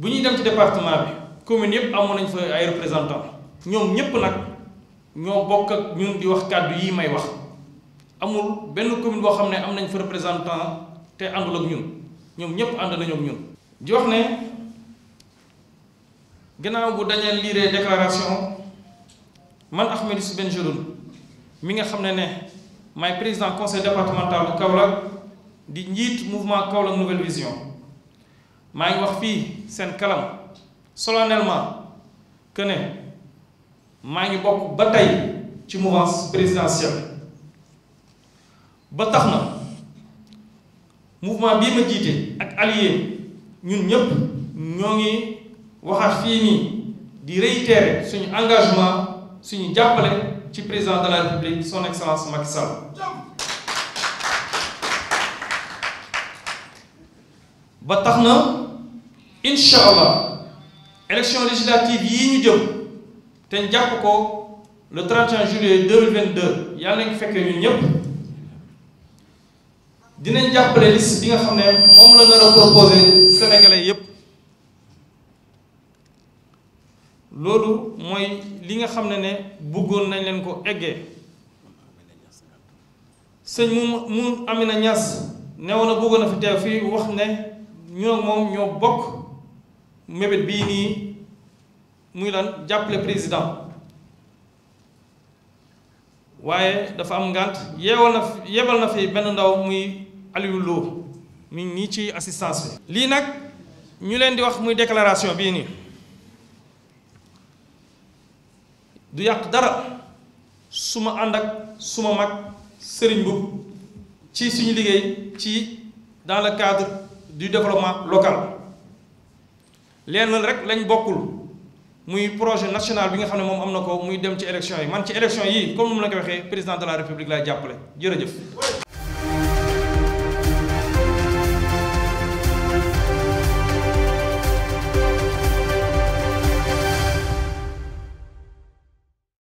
bu ñuy dem ci département bi commune yëpp amoon nañ fa ay représentant ñoom ñëpp nag ñoo bokk ak ñun di wax kàddu yii may wax amul benn commune boo xam ne am nañ fa représentant te àndul ak ñun ñoom ñëpp ànd nañu ak ñun. di wax ne gannaaw bu dañee liiree déclaration man Ahmed Youssouf Bengelloune mi nga xam ne ne maay président conseil départemental bu Kaolack di njiit mouvement Kaolack nouvelle vision. maa ngi wax fii seen kalam solennellement que ne maa ngi bokk ba tey ci mouvance présidentielle ba tax na mouvement bii ma jiite ak allié ñun ñëpp ñoo ngi waxaat fii nii di réitérer suñu engagement suñu jàppale ci président de la république son excellence Macky Sall. ba tax na inshallah election élection législative yi ñu jëm té ko le 31 juillet 2022 yalla ngi fekk ñun ñëpp dinañ jàppale liste bi nga xamné ne la nar a proposé sénégalais yépp loolu moy li nga xamné ne ne bëggoon nañ leen ko eggee sëñ mu mu Amina Niass ne woon a bëggoon a fi teew wax ne ñoo mom ñoo bokk mébét bii nii muy lan jàppale président waaye dafa am ngànt yeewal na yebal na fi benn ndaw muy Aliou Lo mi nii ci assistance bi lii nag ñu leen di wax muy déclaration bii nii du yàq dara su ma ànd ak su ma mag sëriñ bu ci suñu liggéey ci dans le cadre du développement local leen rek lañu bokkul muy projet national bi nga xam ne moom am na ko muy dem ci élection yi man ci élection yi comme nu mu la ko waxee président de la république laay jàppale jërëjëf